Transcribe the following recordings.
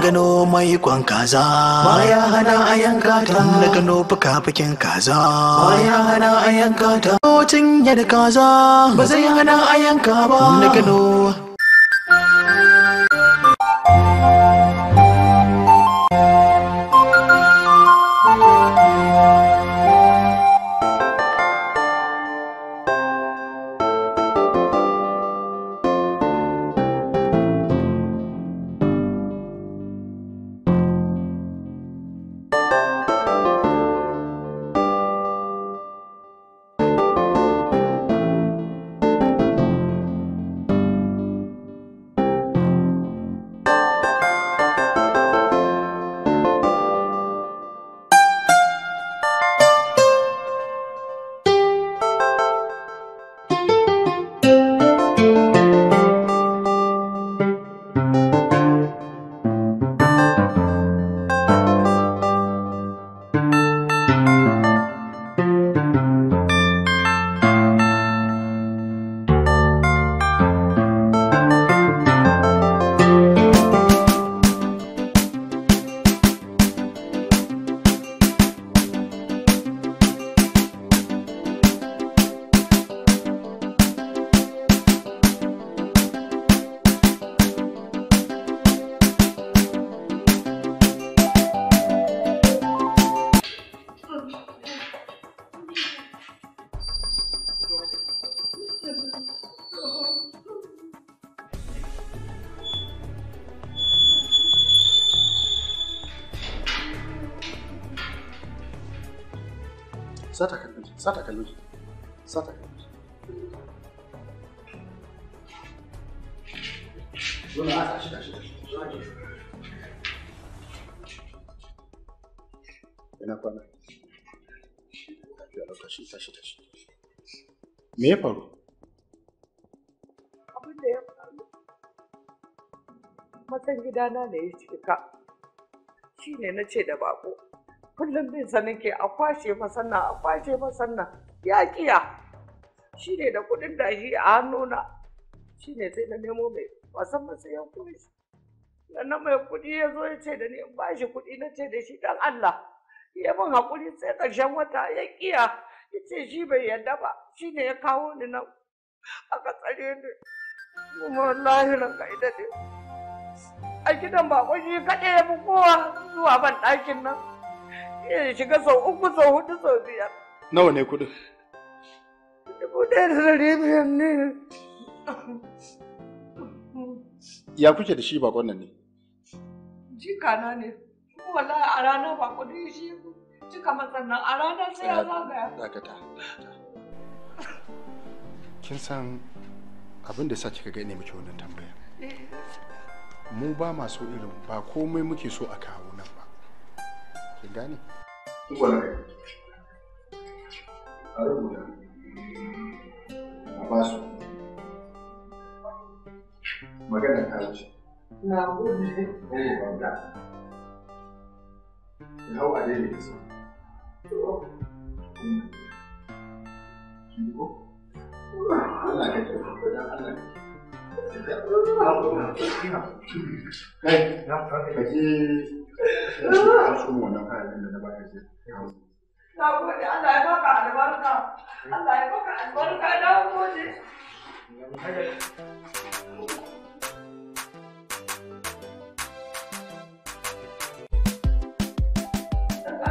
gano mai kwan kaza baya hana a yanka ta na gano fuka-fukin kaza baya hana a yanka ta cin yadda kaza ba zai hana a yanka ba na gano me ya faru abin da ya faru matan gidana ne ya cika shi ne na ce da bako kullum bin sanin ke a kwashe masannan a kwashe masannan ya kiya shi ne da kudin shi a hannuna shi ne sai na nemo mai wasan masayan kuɗi sannan mai kuɗi ya zo ya ce da ni in ba shi kuɗi na ce da shi dan Allah ya min haƙuri sai ƙarshen wata ya kiya ya ce shi bai yarda ba shi ne ya kawo ni nan aka tsare ni kuma wallahi ka ita ne a gidan bakon shi kaɗe ya fi kowa zuwa ban ɗakin nan ya shiga sau uku sau hudu sau biyar nawa ne kuɗin dubu ɗaya da ɗari biyar ne ya kuke da shi bakon nan ne jikana ne wallahi a ranar bakon shi ya cika matsan nan a rana sai ya zagaya. Dakata, Kin san abin da sa kika ga ne muke wannan tambaya. Eh. Mu ba masu so ba komai muke so a kawo nan ba. Kin gane? A rubuta. A basu. Magana ta wuce. Na gode. Ko ba ga. Hau a daidaita. Allah ka albarka. Allah ya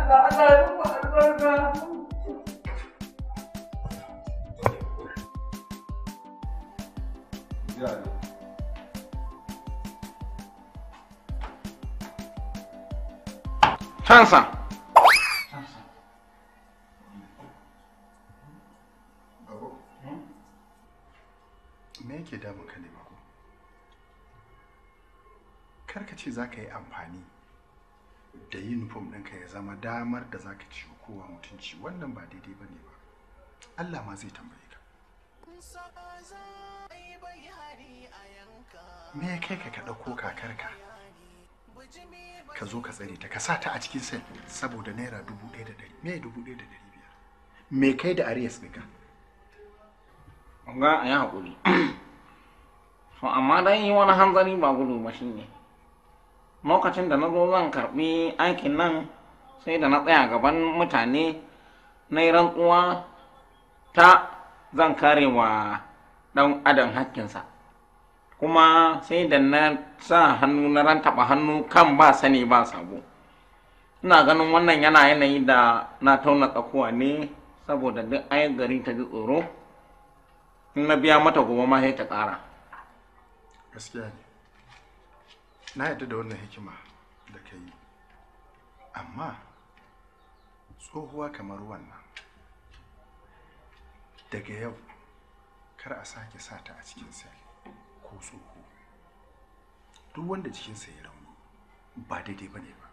albarka, Chansan. Me yake damun ka ne ba ku? ce za ka yi amfani da uniform ɗinka ya zama damar da za ka ciwo kowa mutunci wannan ba daidai ba ne ba allah ma zai tambaye ka me kai ka ka ɗauko kakarka ka zo ka tsare ta ka sa ta a cikin sai saboda naira dubu ɗaya da ɗari me dubu ɗaya da ɗari biyar me kai da arias ɗinka ga a yi haƙuri amma dan yi wani hanzari ba gudu ba shine ne lokacin da na zo zan karɓi aikin nan sai da na tsaya gaban mutane na yi rantsuwa ta zan kare wa ɗan adam hakkinsa kuma sai da na sa hannu na ran taɓa hannu kan ba sani ba sabo ina ganin wannan yana yanayi da na tauna tsakuwa ne saboda duk ayan gari ta ji tsoro in na biya mata gobe ma sai ta ƙara gaskiya ne na yadda da wannan hikima da ka yi amma tsohuwa kamar wannan daga yau kar a sake sata a cikin sel ko tsoho duk wanda cikinsa ya rauni ba daidai ba ne ba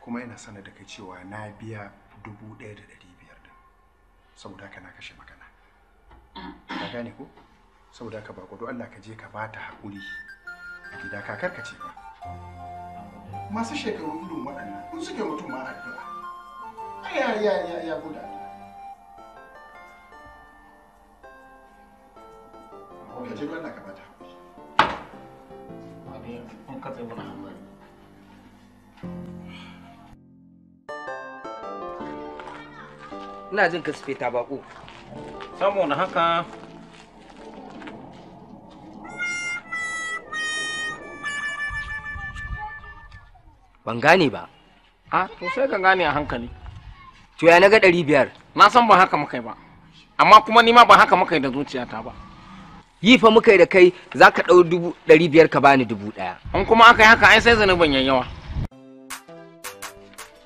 kuma yana sanar da kai cewa na biya dubu ɗaya da ɗari biyar din saboda haka na kashe magana ka gane ko saboda haka ba Allah ka je ka bata haƙuri gida kakar ka ce ba masu shekaru irin waɗannan kun suke mutum ma addu'a ai ya ya ya ya guda ka je don ka bata wani katse mana ina jin ka sufeta bako haka ban gane ba a to sai ka gane a hankali to ya na ga ɗari biyar na san ban haka muka ba amma kuma ni ma ban haka muka da zuciyata ba yi fa muka da kai za ka ɗau dubu ɗari biyar ka bani dubu ɗaya in kuma aka yi haka ai sai zan ban yawa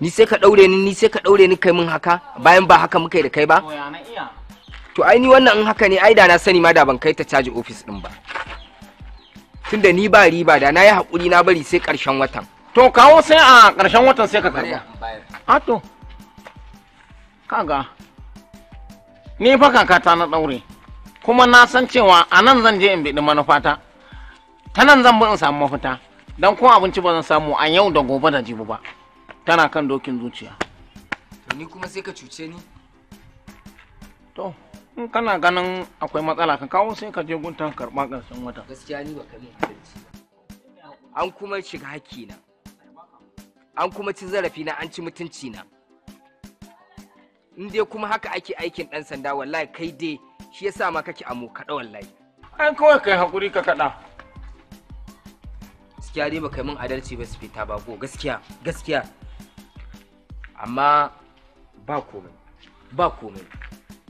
ni sai ka ɗaure ni ni sai ka ɗaure ni kai min haka bayan ba haka muka da kai ba to ai ni wannan in haka ne ai da na sani ma da ban kai ta caji ofis ɗin ba tunda ni ba riba da na yi haƙuri na bari sai ƙarshen watan to kawo sai a ƙarshen watan sai ka karba a to kaga ni fa kakata na ɗaure kuma na san cewa a nan zan je in biɗi manufata ta nan zan bi in samu mafita don ko abinci ba zan samu a yau da gobe da jibi ba tana kan dokin zuciya to ni kuma sai ka cuce ni to in kana ganin akwai matsala ka kawo sai ka je gunta karɓa ƙarshen wata gaskiya ni ba ka an kuma shiga hakina an kuma ci zarafi na an ci mutunci na in dai kuma haka ake aikin dan sanda wallahi kai dai shi yasa ma kake amo kada wallahi an kawai kai hakuri ka kada gaskiya dai baka min adalci ba su fita ba ko gaskiya gaskiya amma ba komai ba komai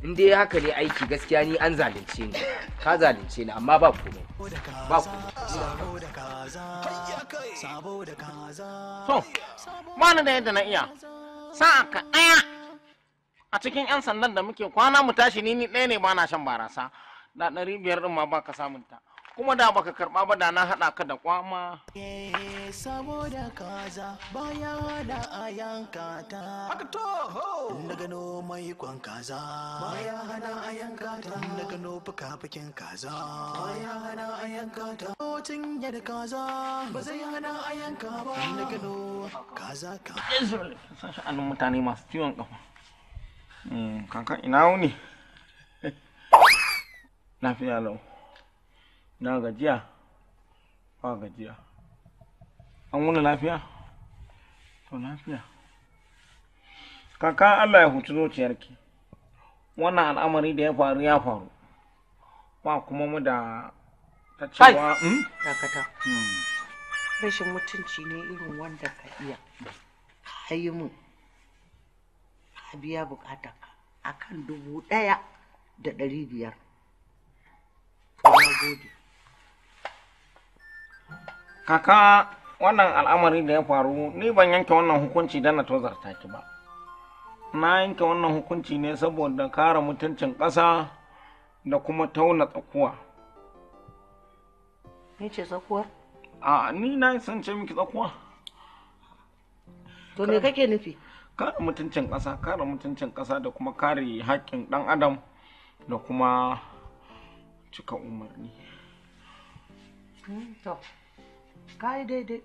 in dai haka ne aiki gaskiya ni an zalunce ni ka zalunce ni amma ba komai ba komai ba ni da yadda na iya sa'a ka ɗaya a cikin 'yan sandan da muke kwana mu tashi ni ni daya ne ba na shan barasa da 500 din ma ba ka samunta kuma da baka karba ba da na hada ka da kwama eh, saboda kaza baya da a yanka ta haka to ho na gano mai kwan kaza baya hana a yanka ta na gano fuka-fukin kaza baya hana a yanka ta tun da kaza ba zai hana a yanka ba na gano kaza ka an mutane masu ciwon kafa hmm, kankan ina wuni lafiya lau na gajiya ba gajiya an wuni lafiya to lafiya kaka allah ya hutu zuciyarki wannan al'amari da ya faru ya faru ba kuma mu da ta cewa hmm? dakata hmm. rashin mutunci ne irin wanda ka iya ka yi mu ka biya bukatar kan dubu ɗaya da ɗari biyar. kaka wannan al'amari da ya faru ni ban yanke wannan hukunci don na tozarta ki ba na yanke wannan hukunci ne saboda kare mutuncin ƙasa da kuma tauna tsakuwa ni ce tsakuwa. a ni na san ce miki tsakuwa to me kake nufi kare mutuncin ƙasa kare mutuncin ƙasa da kuma kare haƙƙin ɗan adam da kuma cika umarni hmm, ka yi daidai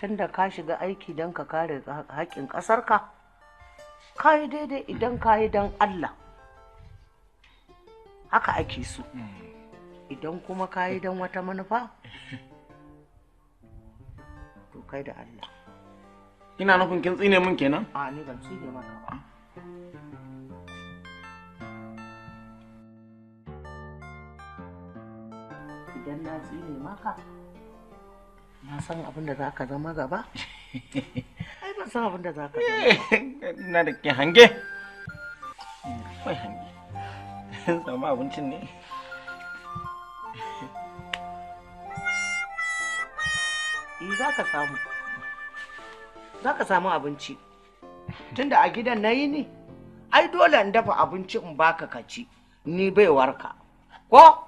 tunda ka shiga aiki don ka kare haƙƙin ƙasarka ka yi daidai idan ka yi don allah haka ake so idan kuma ka yi don wata manufa to kai da allah ina nufin kin tsine mun kenan a ni ban tsine maka ba idan na tsine maka na san abin da za ka zama gaba ai ban san abin da za ka zama eh, na da ke hange wai hange samu abincin ne yi eh, za ka samu za ka samu abinci tunda a gidan na yi ne ai dole in dafa abinci in baka kaci ni baiwarka ko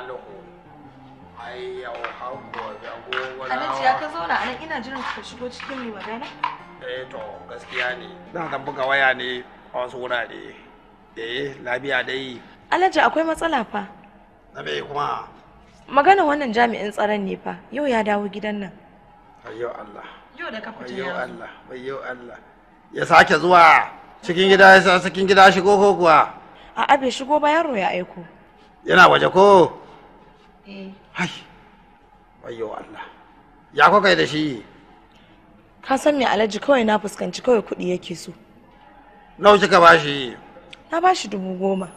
salihu ai yau har gobe gobe alhaji ya ka zauna a nan ina jiran ka shigo cikin mai magana eh to gaskiya ne na dan buga waya ne a wasu wurare eh lafiya dai alhaji akwai matsala fa na me kuma magana wannan jami'in tsaron ne fa yau ya dawo gidan nan ayyo Allah yau da ka fita ayyo Allah ayyo Allah ya sake zuwa cikin gida ya sa cikin gida shigo ko kuwa a'a bai shigo bayan yaro ya aiko yana waje ko Eh. hai wayo Allah ya kuka da shi ka san me alaji kawai na fuskanci kawai kuɗi yake so Nau kika bashi na bashi dubu goma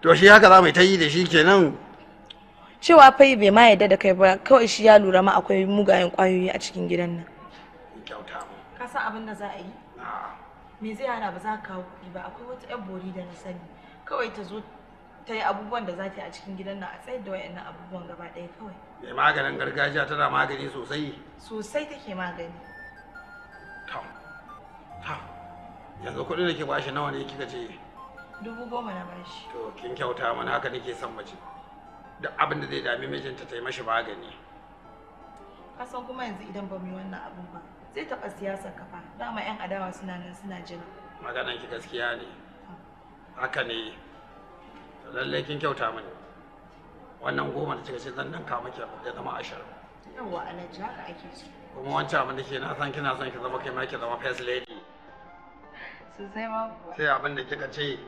to shi haka za mu ta yi da shi kenan cewa fai bai ma yadda da kai ba kawai shi ya lura ma akwai mugayen kwayoyi a cikin gidan nan ka san abin da za a yi me zai hana ba za ka kawo kuɗi ba akwai wata yan bori da na sani kawai ta zo ta yi abubuwan da za ta yi a cikin gidan nan a tsayar da wayannan abubuwan gaba ɗaya kawai. Mai maganin gargajiya tana magani sosai? Sosai take magani. Ta, ta, yanzu kuɗin da ke bashi nawa ne kika ce? Dubu goma na bashi. To, kin kyauta mana haka nake son mace. da abin da zai dami mijinta ta yi mashi magani. Ka san kuma yanzu idan ba mu yi wannan abin ba, zai taɓa siyasar kafa. Dama 'yan adawa suna nan suna jira. Maganan ki gaskiya ne. Haka ne. lallai kin kyauta mani wannan goma da kika ce zan nan kama ki ya zama ashirin yawa alhaji haka ake so kuma wancan abin da ke na san kina son ki zama kai ma ki zama first lady sai ma sai abin da kika ce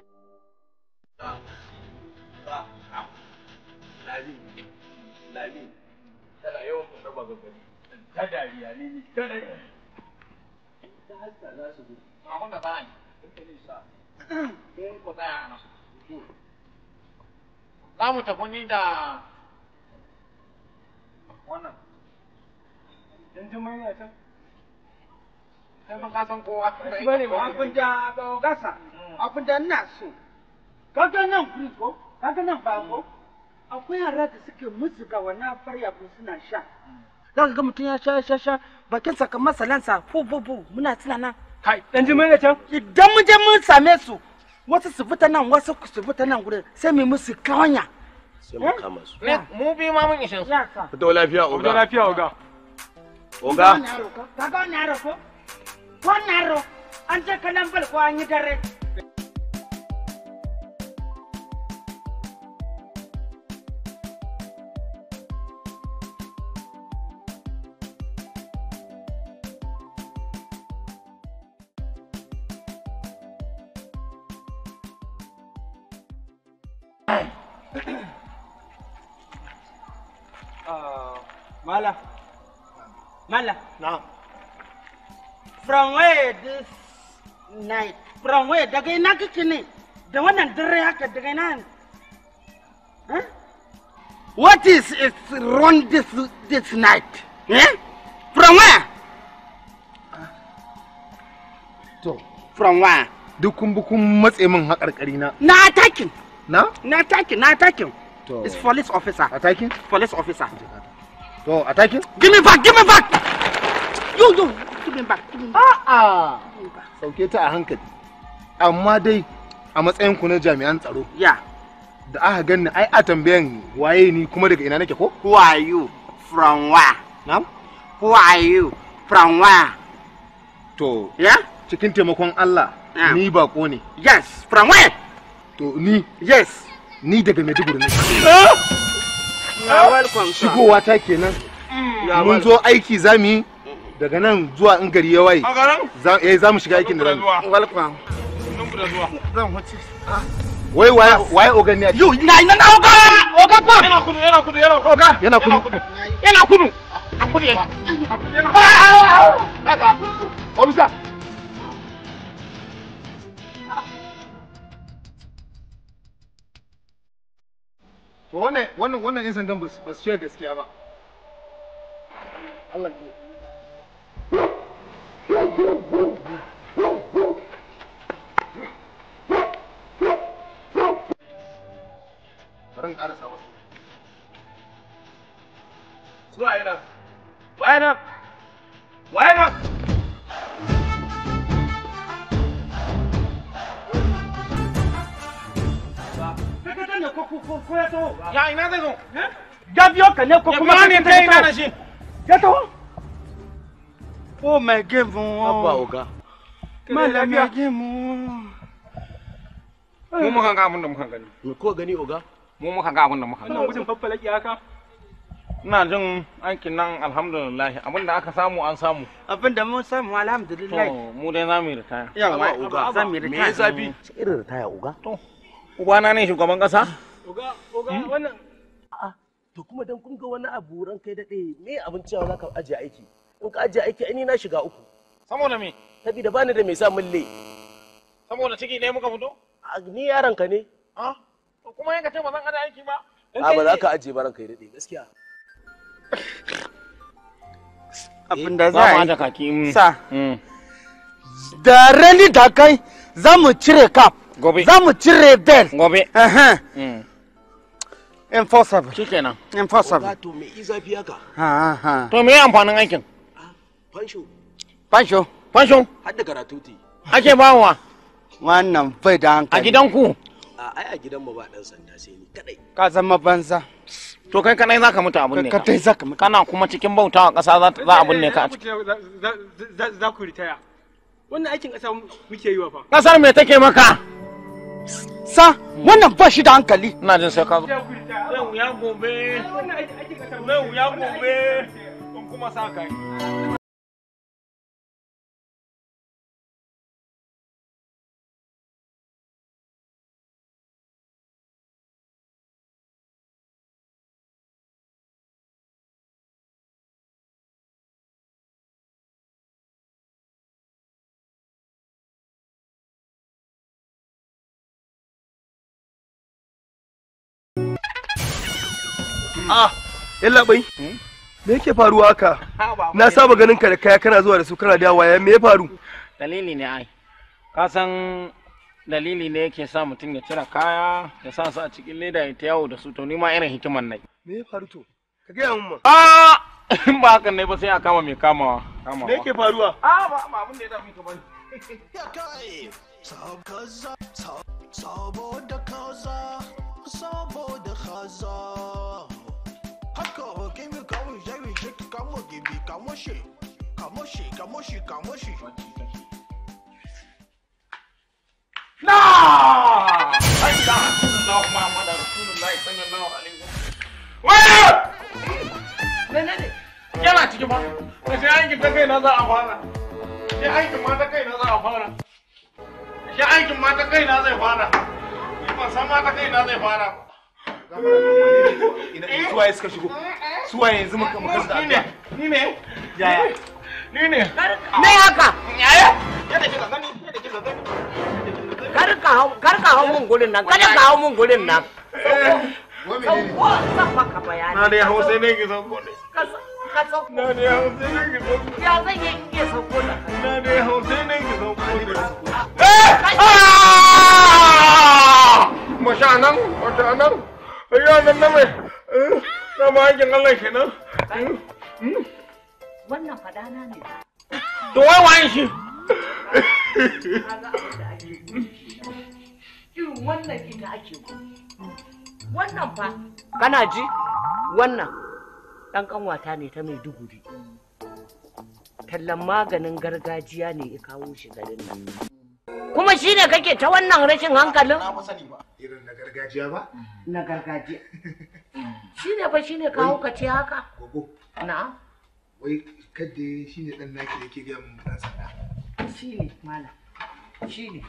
za mu tafi ni da wannan in ji ne ta sai ban kasan kowa ba ne ba kun ja ba gasa mm. abin da ina so kaga nan kuri ko kaga nan ba ko mm. akwai yara da suke muzuga wannan farya kun suna sha mm. za ka ga mutum ya sha sha sha bakin sakamakon salansa fu fu fu muna tuna nan kai dan jimai ne can idan mun je mun same su wasu su fita nan wasu su fita nan gurin sai mu musu kawanya sai mu kama su mu bi ma mun ishin su fito lafiya oga fito lafiya oga oga ka ga wannan yaro ko wannan yaro an je kalan bal ko an yi dare from where this night from where daga ina kake ne da wannan dare haka daga ina ne what is it wrong this this night eh? from where to from where duk kun kun matse min haƙarƙari na na attacking na na attacking na attacking to it's police officer attacking police officer to attacking give me back give me back you you kudin ba a'a sauke ta a hankali amma dai a matsayin ku na jami'an tsaro ya da aka ganni ai a tambayan waye ni kuma daga ina nake ko who are you from where na'am who are you from where to ya cikin taimakon Allah ni bako ne yes from where to ni yes ni daga Maiduguri ne ah! shigowa ta kenan mm. mun zo aiki zamu yi daga nan zuwa in gari ya waye eh, za mu shiga aikin da zamu ah. wai waye ogan ne yo na na oga oga kwa yana kudu yana kudu yana kudu oga yana kudu yana kudu a kudu yana ah, ah, obisa wannan wannan sandan ba su ce gaskiya ba Allah ne. Ya ina zai zo? Ya ka ne ko kuma ne ta da shi. Ya taho? Oh my game mu. oga. Mallam my game mu. Mu muka ga abin da muka gani. Me ko gani oga? Mu muka ga abin da muka gani. Gudun faffalaki haka. Ina jin aikin nan alhamdulillah abin da aka samu an samu. Abin da mun samu alhamdulillah. Mu dai za mu yi ritaya. Yawa oga. Za yi ritaya. Me zafi? Irin ritaya oga. To. na ne shugaban kasa? Oga, oga wannan. A'a, to kuma dan kun ga wani abu ran kai daɗe me abin cewa za ka ajiye aiki? in ka ajiye aiki ni na shiga uku saboda me saboda bani da mai sa mulle saboda ciki ne muka fito ni yaron ka ne Ah? kuma yanka ce ba zan aje aiki ba a ba za ka ajiye ba ranka ya dade gaskiya abin da eh, za a yi mm. sa mm. da rani da kai za mu cire kaf gobe za mu cire bel gobe mm. enforceable shikenan enforceable to me izafi haka to me amfanin aikin Pancho. Pancho. Pancho. karatu Ake bawa. Wannan bai da hankali. A gidan ku? ai a gidan mu ba dan sanda sai ni kadai. Ka zama banza. To kai kadai zaka mutu abun ne. Kana kuma cikin a ƙasa za za abun ne ka. Eh, eh, za ku ritaya. maka? sa wannan ba shi da hankali ina jin sai ka zo zan wuya gobe gobe kuma sa kai a ah, yalla bai me yake faruwa haka na saba ganin ka da kaya kana zuwa da su kana da waya me ya faru dalili ne ai ka san dalili ne yake sa mutum ya cire kaya ya sa su a cikin leda ya ta yawo da su to ni ma irin hikiman nai me ya faru to ka ga mun ma a ah, in ba hakan ne ba sai a kama mai kamawa kamawa me yake faruwa a ah, ba ba abin da ya dami ka bane ya kai saboda kaza saboda kaza haka oke mi kawo zai ce ki kamo gibi kamo shi kamo shi kamo shi kamo shi na aida Allahu Muhammad Rasulullahi sallallahu alaihi cikin sai aikin ta kai na za a fara sai aikin ma ta kai na za a fara sai aikin ma ta ban san ma ta kai na zai fara suwaye suka shigo suwaye yanzu muka muka su da ni ne yaya ni ne ne haka yaya karka hau mun nan ka hau mun gurin nan sauko san maka bayani na dai hau sai ne ki sauko ne ka na hau sai ne ki sauko ki sauko na dai hau sai ne ki sauko eh masha nan nan wannan na mai Allah kenan ne kana ji wannan ɗan ƙanwata ne ta mai duguri tallan maganin gargajiya ne ya kawo shi garin nan kuma shi ne kake ta wannan rashin hankalin irin na gargajiya ba na gargajiya shi ne fa shi ne kawo ka ce haka na wai kadda shi ne dan naki da ke gaya mun dan sanda shi ne malam shi ne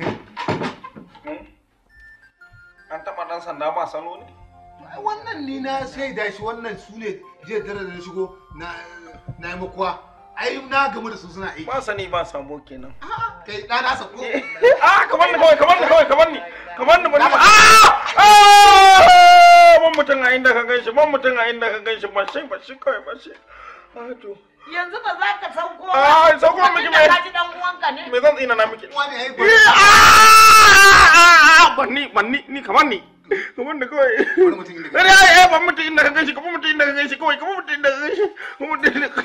eh? an taɓa dan sanda ba salo ne wannan ni na sai da shi wannan su ne jiya dare da shigo na na yi makuwa ai na gamu da su suna aiki ba sani ba sabo kenan ah, kai da na sako eh, a ah, kamar ni kawai kamar ni kawai kamar ni kamar ni bari a ah! mun mutum a inda ka ganshi mun a inda ka ganshi ba shi ba shi kawai ba shi to yanzu ba za ka sauko a sauko miki mai kaji dan uwanka ne me zan tsina na miki wani ai eh, ba ni ba ni ni kamar ni kamar da kawai bari mutum inda ka ganshi kamar eh, mutum inda ka ganshi kamar inda ka ganshi kawai kamar inda ka inda ka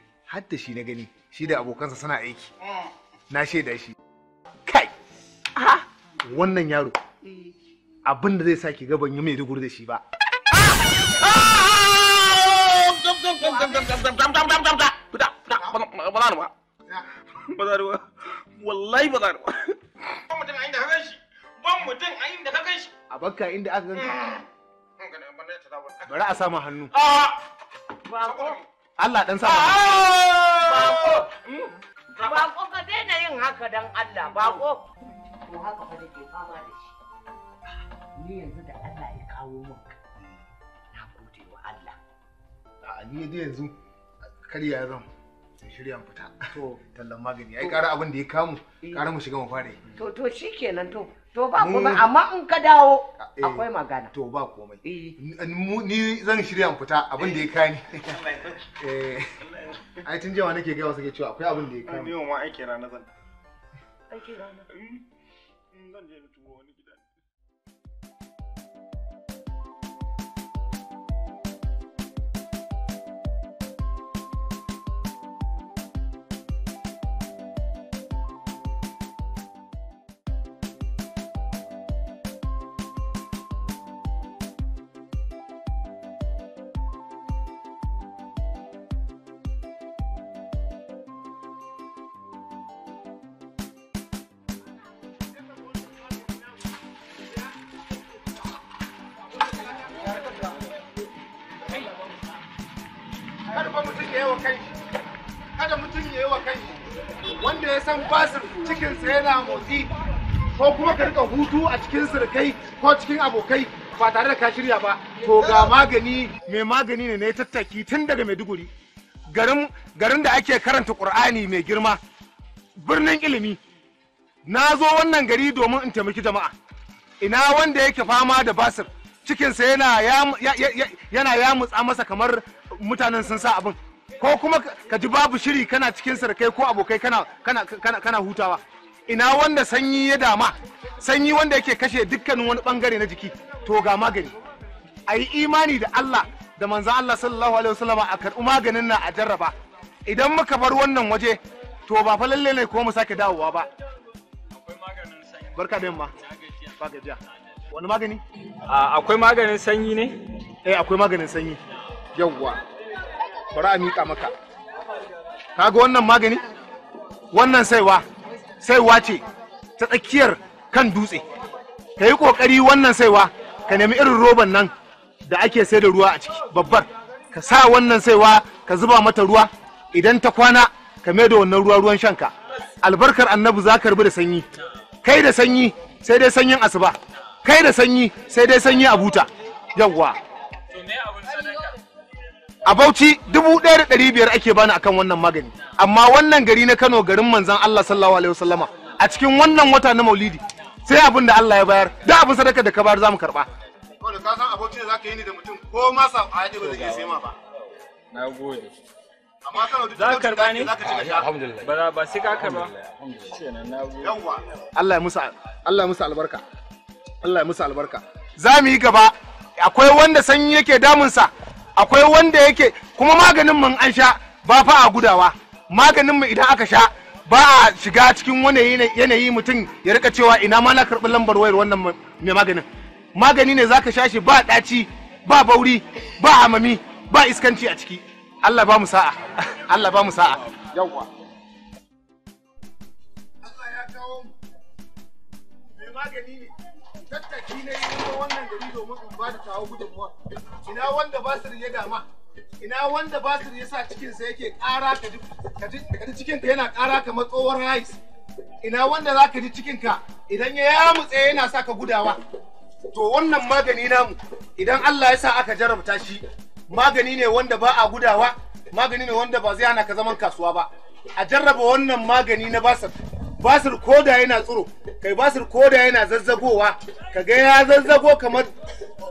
har da shi na gani shi da abokansa suna aiki eh. na shaida shi kai wannan yaro eh. abin da zai sa ki gaban yi mai rigur da shi ba wallahi ba a bakka inda aka ka hmm. bari a sama hannu ah! Allah dan sama. Ah! Hmm? Bako ka daina yin haka dan Allah bako. To haka fa dake fama da shi. Ni yanzu da Allah ya kawo min. Na gode wa Allah. A ah, ni dai yanzu zama, Sai shirya fita. To tallan magani ai kara abin da ya kamu kara eh. mu shiga mu fare. To to shikenan to. To ba komai amma in ka dawo eh, akwai magana. To ba komai. Eh. Ni zan shirya in fita abin da ya kani. Eh, ai tun jawa nake gaya ke cewa akwai abin da ya kani. Ni ma aiki rana zan. Aiki rana. Mm, mm, zan je na tuwo wani ya san basir cikinsa yana motsi ko kuma ka rika hutu a cikin sirkai ko cikin abokai ba tare da ka shirya ba to ga magani mai magani ne na ya tattaki tun daga maiduguri garin garin da ake karanta qur'ani mai girma birnin ilimi na zo wannan gari domin in taimaki jama'a ina wanda yake fama da basir cikinsa yana ya, yana yamutsa masa kamar mutanen sun sa abin ko kuma ka ji babu shiri kana cikin sarkai ko abokai kana kana kana hutawa ina wanda sanyi ya dama sanyi wanda yake kashe dukkanin wani bangare na jiki to ga magani a yi imani da Allah da manzan Allah sallallahu alaihi wasallam a karɓi maganin nan a jarraba idan muka bar wannan waje to ba fa lalle ne kuma mu sake dawowa ba barka da yamma wani magani ah, akwai maganin sanyi ne eh akwai maganin sanyi yawwa bari a miƙa maka ga wannan magani wannan saiwa saiwa ce ta tsakiyar kan dutse ka yi ƙoƙari wannan saiwa ka nemi irin roban nan da ake sai da ruwa a ciki babbar ka sa wannan saiwa ka zuba mata ruwa idan ta kwana ka mai da wannan ruwa ruwan shanka albarkar annabi za ka rubu da sanyi kai da sanyi sai dai sanyin asuba kai da sanyi sai dai sanyi a buta yawwa a bauchi dubu ɗaya da ɗari biyar ake bani akan wannan magani amma wannan gari na kano garin manzan allah sallallahu alaihi wasallama a cikin wannan wata na maulidi sai abin da allah ya bayar da abin sadaka da ka bayar zamu karba wanda ka san ni a ba zai iya allah ya musu albarka allah ya musu albarka za mu yi gaba akwai wanda sanyi yake damunsa akwai wanda yake kuma maganin mun an sha ba fa a gudawa maganin mu idan aka sha ba a shiga cikin wani yanayi mutum ya rika cewa ina ma na karɓi lambar wayar wannan mai maganin magani ne zaka sha shi ba ɗaci ba bauri ba amami ba iskanci a ciki Allah ba mu sa'a Allah ba mu sa'a yawwa Allah ya kawo mu mai magani ne tattaki na yi kuma wannan gari domin in ba da tawo gudunmuwa ina wanda basir ya dama ina wanda basir ya sa cikinsa yake ƙara ka ji cikinka yana ƙara kamar tsohon rais ina wanda za ka ji cikinka idan ya yamutse yana sa ka gudawa to wannan magani namu idan Allah ya sa aka jarabta shi magani ne wanda ba a gudawa magani ne wanda ba zai hana ka zaman kasuwa ba a jarraba wannan magani na basir basir koda yana tsiro kai basir koda yana zazzagowa kaga ya zazzago kamar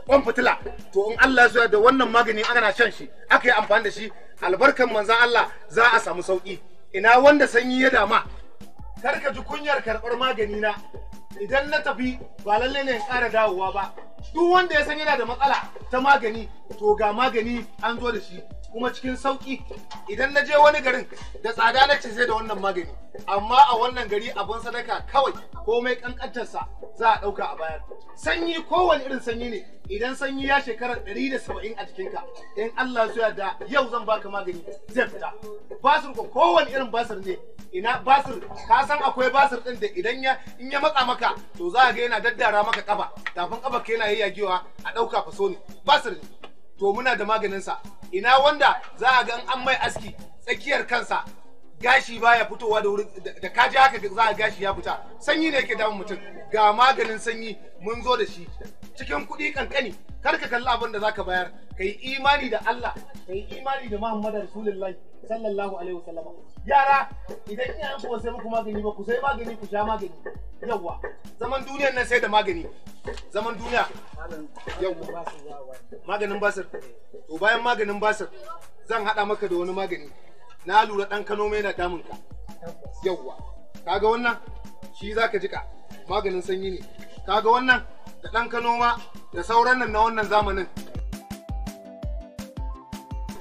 kwan fitila to in Allah ya da wannan magani ana shan shi aka yi amfani da shi albarkan manzan Allah za a samu sauki ina wanda sanyi ya dama kar ka ji kunyar karɓar magani na idan na tafi ba lalle ne in ƙara dawowa ba duk wanda ya san yana da matsala ta magani to ga magani an zo da shi kuma cikin sauki idan na je wani garin da tsada na ce sai da wannan magani amma a wannan gari abin sadaka kawai komai kankantarsa za a ɗauka a bayar sanyi kowane irin sanyi ne idan sanyi ya shekara 170 a jikinka in Allah su da yau zan baka magani zai fita basir ko kowane irin basir ne ina basir ka san akwai basir din da idan ya in ya matsa maka to za a ga yana daddara maka kaba tafin kaba ka yana yayyagewa a ɗauka faso ne basir ne to muna da maganinsa ina wanda za a gan an mai aski tsakiyar kansa gashi baya fitowa da wurin da ka ji haka za a gashi ya fita sanyi ne yake damun mutum ga maganin sanyi mun zo da shi cikin kuɗi kankani kar ka kalli abin da zaka bayar ka yi imani da Allah ka yi imani da Muhammadu Rasulullahi sallallahu alaihi wasallam yara idan iyayen ku sai muku magani ba ku sai magani ku sha magani yawwa zaman duniyar nan sai da magani zaman duniya yawa maganin basir to bayan maganin basir zan hada maka da wani magani na lura ɗan kano mai na damun ka yawwa kaga wannan shi za ka jika maganin sanyi ne kaga wannan da ɗan kano ma da sauran nan na wannan zamanin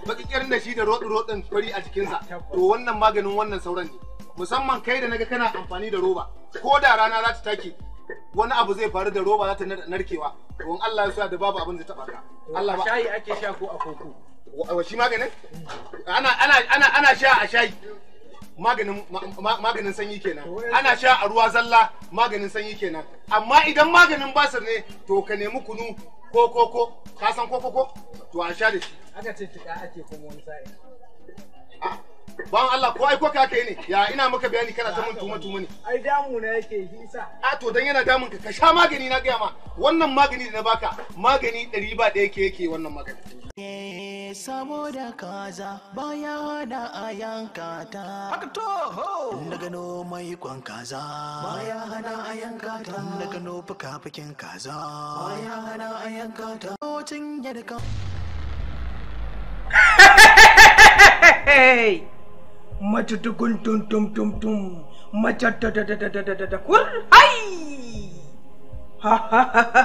baƙiƙirin da shi da roɗin-roɗin fari a jikinsa to wannan maganin wannan sauran ne musamman kai da naga kana amfani da roba ko da rana za ta take wani abu zai faru da roba za ta narkewa to in Allah ya sa da babu abin zai ta ka Allah ba shayi ake sha ko a koko wa shi maganin ana sha a shayi maganin sanyi kenan ana sha a ruwa zalla maganin sanyi kenan amma idan maganin basir ne to ka nemi kunu ko ko ko ka san ko ko ko to a sha da shi aka ce tuka ake kuma wani sa'i Ban Allah ko aiko ka kai ne. Ya ina maka bayani kana ta mun tuma tuma ne. Ai damu na yake shi sa. A to dan yana damun ka ka sha magani na gaya ma. Wannan magani da na baka magani ɗari ba ɗaya ke yake wannan magani. Eh, saboda kaza baya hana a yanka ta haka to ho na gano mai kwan kaza baya hana a yanka ta na gano fuka-fukin kaza baya hana a yanka ta cin yadda ka Hey! maca tukun tum tum tum tum maca da da da da da da da kur hai ha ha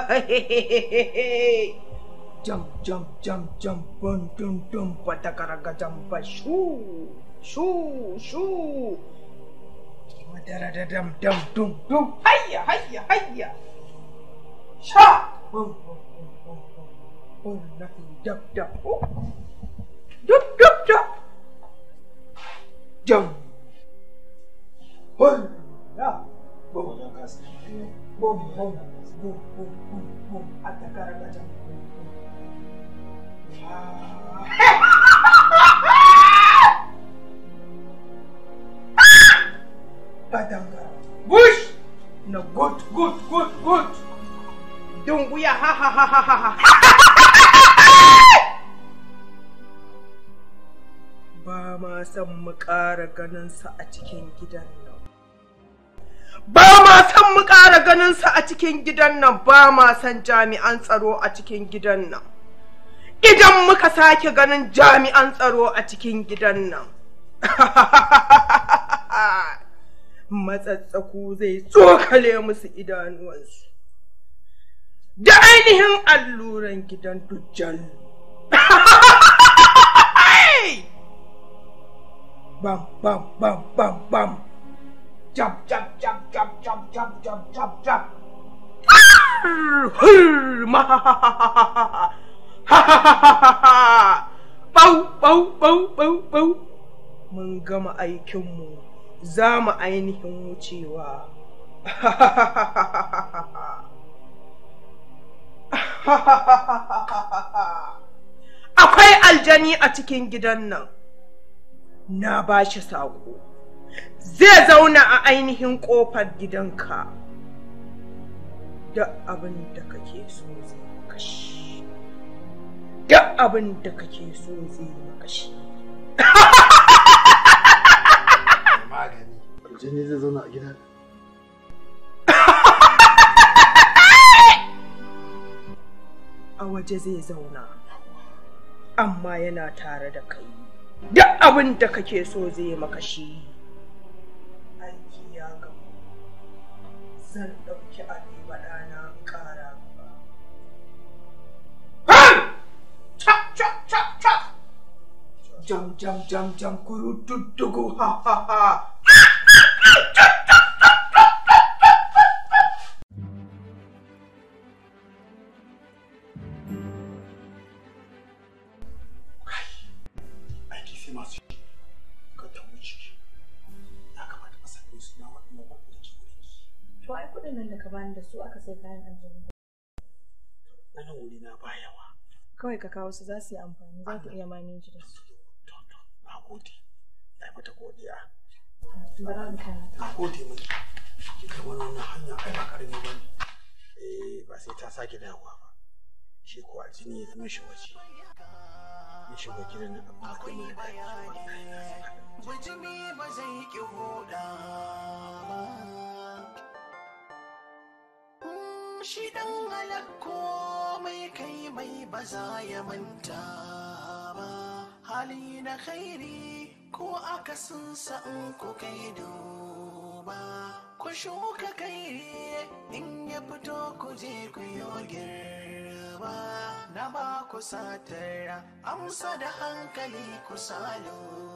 jam jam jam jam pun tum tum pada karaga jam pasu su su shu madara da dam dam dum dum hayya hayya hayya sha bum bum bum bum bum bum dap dap oh dap dap jẹun bọ́ọ̀lù náà bọ́ọ̀lù bọ́ọ̀lù bọ́ọ̀lù bọ́ọ̀lù bọ́ọ̀lù bọ́ọ̀lù ha ha ha ha ha ha. ba ma son mu ƙara ganinsa a cikin gidan nan. Ba ma son mu ƙara ganinsa a cikin gidan nan ba ma son jami'an tsaro a cikin gidan nan. Idan muka sake ganin jami'an tsaro a cikin gidan nan. Matsatsaku zai tsokale musu idanuwansu. Da ainihin alluran gidan dujjan. bam bam bam bam bam jump jump jump jump jump jump jump jump ha, bau bau bau bau bau mun gama aikinmu za mu ainihin wucewa akwai aljani a cikin gidan nan na ba shi saƙo zai zauna a ainihin ƙofar gidanka da abin da kake so zai maka shi Da abin da kake so zai maka shi magani zai zauna a gidan a waje zai zauna amma yana tare da kai duk abin da kake so zai maka shi aiki ya gamu zan ɗauki abin ɗana ƙara jam jam jam jam kuru duddugu ha ha ha sai kayan aljanu nan wuri na ba yawa kawai ka kawo su za su yi amfani za ta iya maneji da su to to na gode ai mata godiya bara in kana ta gode miki ki kamar wannan hanya ai ba karami ba ne eh ba sai ta sake dawowa ba shi ko aljini ya zama shi waje ya shiga gidan nan amma akwai bayani mujimi ba zai ki huda ba shi dan halakko mai kai mai ba za ya manta ba hali na khairi ko akasin in ku kai duba ku shuka kairi in ya fito ku je ku girba na ba ku satara amsa da hankali ku salo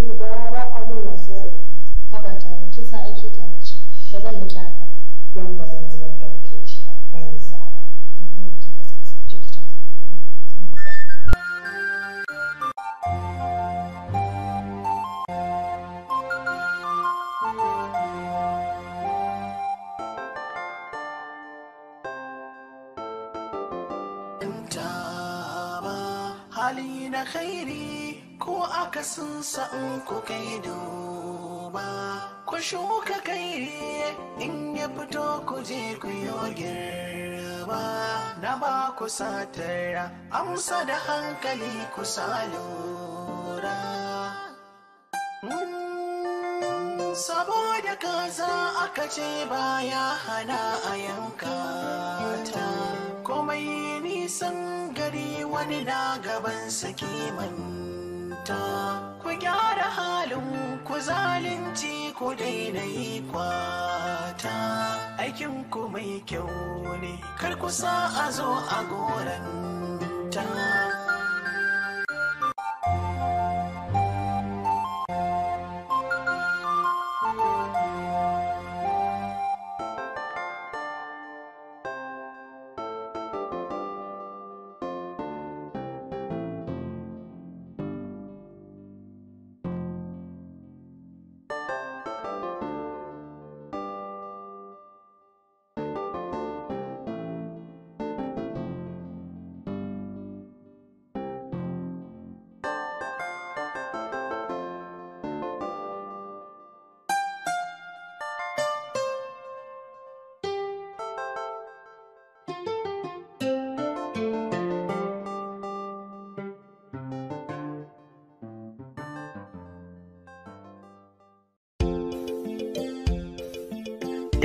kai duba ku shuka kai in ya fito ku je ku girba na ba ku satara amsa da hankali ku salura mm, saboda kaza aka ce baya hana a yanka ta komai nisan gari wani na gaban sakimanta gyara halin ku zalunci ku daina yi kwata aikin ku mai kyau ne kar ku sa a zo a goranta